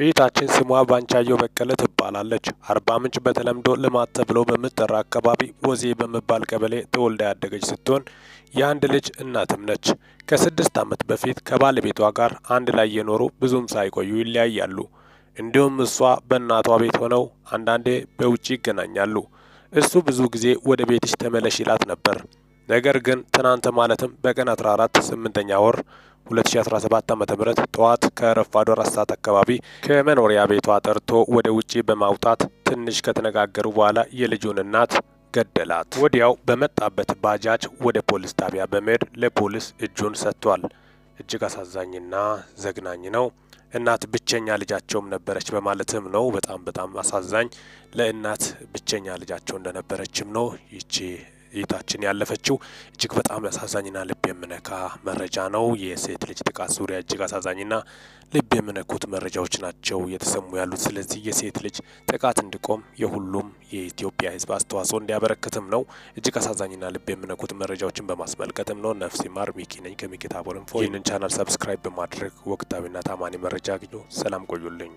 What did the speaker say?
ቤታችን ስሟ ባንቻየሁ በቀለ ትባላለች። አርባ ምንጭ በተለምዶ ልማት ተብሎ በምትጠራ አካባቢ ወዜ በመባል ቀበሌ ተወልዳ ያደገች ስትሆን የአንድ ልጅ እናትም ነች። ከስድስት ዓመት በፊት ከባለቤቷ ጋር አንድ ላይ የኖሩ ብዙም ሳይቆዩ ይለያያሉ። እንዲሁም እሷ በእናቷ ቤት ሆነው አንዳንዴ በውጭ ይገናኛሉ። እሱ ብዙ ጊዜ ወደ ቤትሽ ተመለሽ ይላት ነበር። ነገር ግን ትናንት ማለትም በቀን 14 8ኛ ወር 2017 ዓ ም ጠዋት ከረፋዶ አራት ሰዓት አካባቢ ከመኖሪያ ቤቷ ጠርቶ ወደ ውጪ በማውጣት ትንሽ ከተነጋገሩ በኋላ የልጁን እናት ገደላት። ወዲያው በመጣበት ባጃጅ ወደ ፖሊስ ጣቢያ በመሄድ ለፖሊስ እጁን ሰጥቷል። እጅግ አሳዛኝና ዘግናኝ ነው። እናት ብቸኛ ልጃቸውም ነበረች በማለትም ነው። በጣም በጣም አሳዛኝ ለእናት ብቸኛ ልጃቸው እንደነበረችም ነው ይቺ እይታችን ያለፈችው እጅግ በጣም አሳዛኝና ልብ የምነካ መረጃ ነው። የሴት ልጅ ጥቃት ዙሪያ እጅግ አሳዛኝና ልብ የምነኩት መረጃዎች ናቸው የተሰሙ ያሉት። ስለዚህ የሴት ልጅ ጥቃት እንዲቆም የሁሉም የኢትዮጵያ ህዝብ አስተዋጽኦ እንዲያበረክትም ነው። እጅግ አሳዛኝና ልብ የምነኩት መረጃዎችን በማስመልከትም ነው። ነፍሲ ማር ሚኪ ነኝ ከሚኪታ ይህንን ቻናል ሰብስክራይብ በማድረግ ወቅታዊና ታማኒ መረጃ አግኙ። ሰላም ቆዩልኝ።